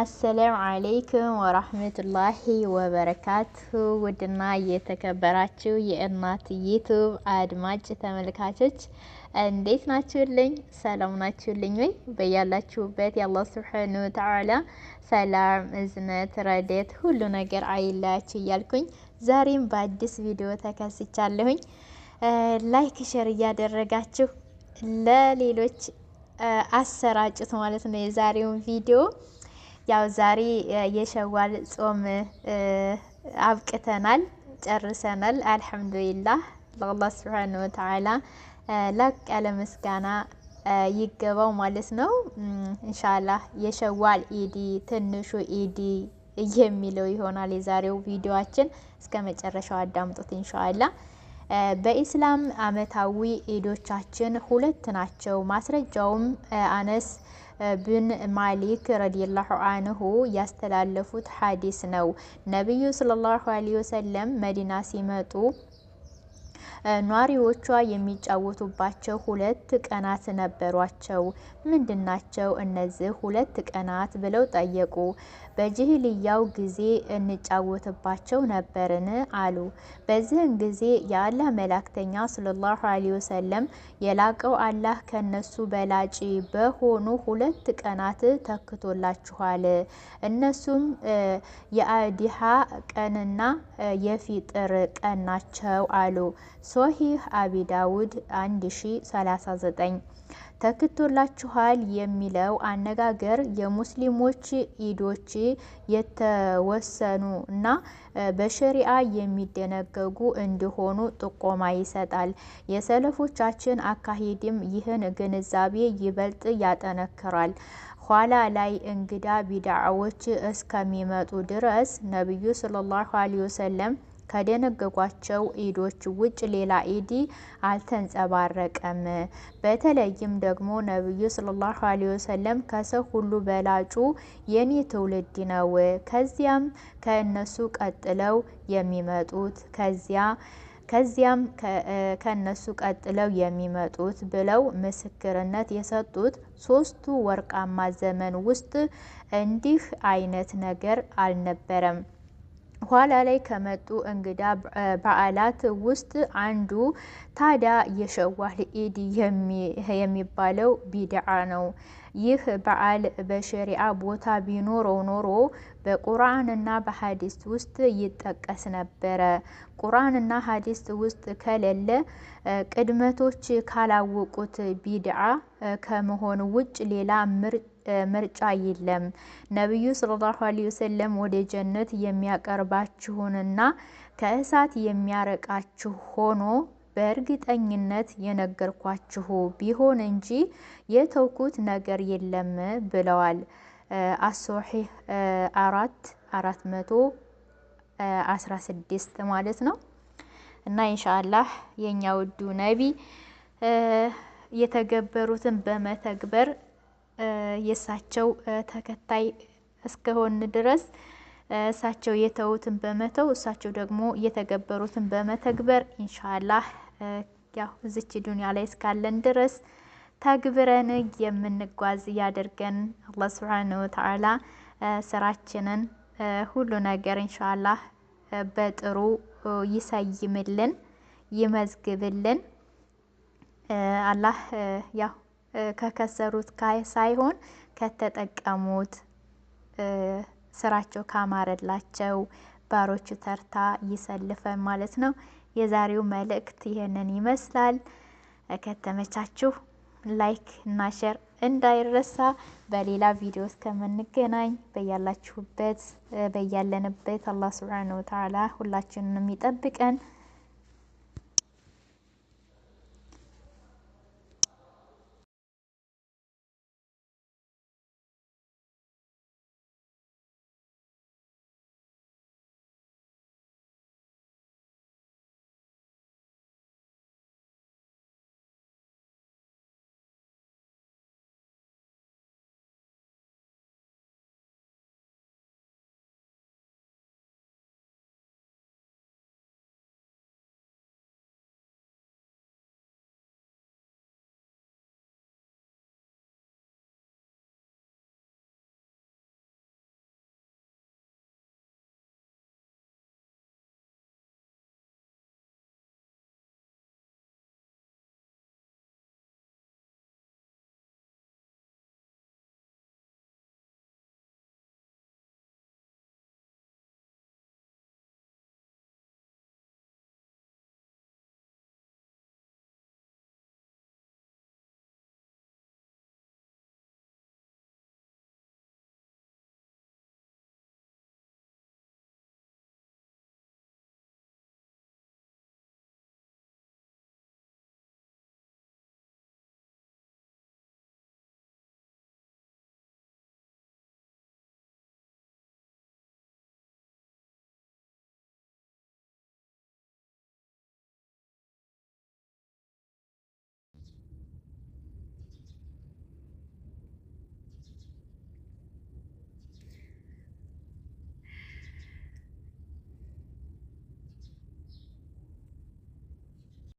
አሰላም አለይኩም ወራህመቱላሂ ወበረካቱ ውድና የተከበራችሁ የእናት ዩቱብ አድማጭ ተመልካቾች እንዴት ናችሁልኝ? ሰላም ናችሁልኝ ወይ? በያላችሁበት የአላህ ስብሓነ ወተዓላ ሰላም፣ እዝነት፣ ረደት ሁሉ ነገር አይለያችሁ እያልኩኝ ዛሬም በአዲስ ቪዲዮ ተከስቻለሁኝ። ላይክ ሸር እያደረጋችሁ ለሌሎች አሰራጩት ማለት ነው የዛሬውን ቪዲዮ ያው ዛሬ የሸዋል ጾም አብቅተናል፣ ጨርሰናል። አልሐምዱሊላህ ለአላህ ሱብሓነሁ ወተዓላ ላቅ ያለ ምስጋና ይገባው ማለት ነው። እንሻላ የሸዋል ኢዲ ትንሹ ኢዲ የሚለው ይሆናል የዛሬው ቪዲዮችን እስከ መጨረሻው አዳምጡት እንሻላ በኢስላም አመታዊ ኢዶቻችን ሁለት ናቸው። ማስረጃውም አነስ ብን ማሊክ ረዲየላሁ አንሁ ያስተላለፉት ሀዲስ ነው። ነቢዩ ሰለላሁ አለይሂ ወሰለም መዲና ሲመጡ ኗሪዎቿ የሚጫወቱባቸው ሁለት ቀናት ነበሯቸው። ምንድናቸው እነዚህ ሁለት ቀናት ብለው ጠየቁ። በጅህልያው ጊዜ እንጫወትባቸው ነበርን አሉ። በዚህን ጊዜ የአላህ መላእክተኛ ሰለላሁ ዐለይሂ ወሰለም የላቀው አላህ ከነሱ በላጭ በሆኑ ሁለት ቀናት ተክቶላችኋል። እነሱም የአዲሃ ቀንና የፊጥር ቀን ናቸው አሉ። ሶሂህ አቢ ዳውድ 1039 ተክቶላችኋል የሚለው አነጋገር የሙስሊሞች ኢዶች የተወሰኑ እና በሸሪአ የሚደነገጉ እንዲሆኑ ጥቆማ ይሰጣል። የሰለፎቻችን አካሄድም ይህን ግንዛቤ ይበልጥ ያጠነክራል። ኋላ ላይ እንግዳ ቢድዓዎች እስከሚመጡ ድረስ ነቢዩ ሰለላሁ ዐለይሂ ወሰለም ከደነገጓቸው ኢዶች ውጭ ሌላ ኢዲ አልተንጸባረቀም። በተለይም ደግሞ ነቢዩ ሰለላሁ አለይሂ ወሰለም ከሰው ሁሉ በላጩ የኔ ትውልድ ነው፣ ከዚያም ከእነሱ ቀጥለው የሚመጡት ከዚያ ከዚያም ከእነሱ ቀጥለው የሚመጡት ብለው ምስክርነት የሰጡት ሶስቱ ወርቃማ ዘመን ውስጥ እንዲህ አይነት ነገር አልነበረም። ኋላ ላይ ከመጡ እንግዳ በዓላት ውስጥ አንዱ ታዲያ የሸዋል ኢድ የሚባለው ቢድዓ ነው። ይህ በዓል በሸሪአ ቦታ ቢኖረው ኖሮ በቁርአንና በሀዲስ ውስጥ ይጠቀስ ነበረ። ቁርአንና ሀዲስ ውስጥ ከሌለ ቅድመቶች ካላወቁት ቢድዓ ከመሆን ውጭ ሌላ ምርጥ ምርጫ የለም። ነቢዩ ሰለላሁ ዐለይሂ ወሰለም ወደ ጀነት የሚያቀርባችሁንና ከእሳት የሚያረቃችሁ ሆኖ በእርግጠኝነት የነገርኳችሁ ቢሆን እንጂ የተውኩት ነገር የለም ብለዋል። አሶሒህ አራት አራት መቶ አስራ ስድስት ማለት ነው። እና ኢንሻአላህ የኛ ውዱ ነቢ የተገበሩትን በመተግበር የእሳቸው ተከታይ እስከሆን ድረስ እሳቸው የተዉትን በመተው እሳቸው ደግሞ የተገበሩትን በመተግበር ኢንሻላህ ያው እዚች ዱኒያ ላይ እስካለን ድረስ ተግብረን የምንጓዝ እያደርገን አላህ ሱብሓነሁ ወተዓላ ስራችንን ሁሉ ነገር ኢንሻላህ በጥሩ ይሰይምልን፣ ይመዝግብልን። አላህ ያው ከከሰሩት ሳይሆን ከተጠቀሙት ስራቸው ካማረላቸው ባሮቹ ተርታ ይሰልፈን ማለት ነው። የዛሬው መልእክት ይህንን ይመስላል። ከተመቻችሁ ላይክ እና ሼር እንዳይረሳ። በሌላ ቪዲዮ እስከምንገናኝ በያላችሁበት በያለንበት አላህ ሱብሓነሁ ወተዓላ ሁላችንንም ይጠብቀን።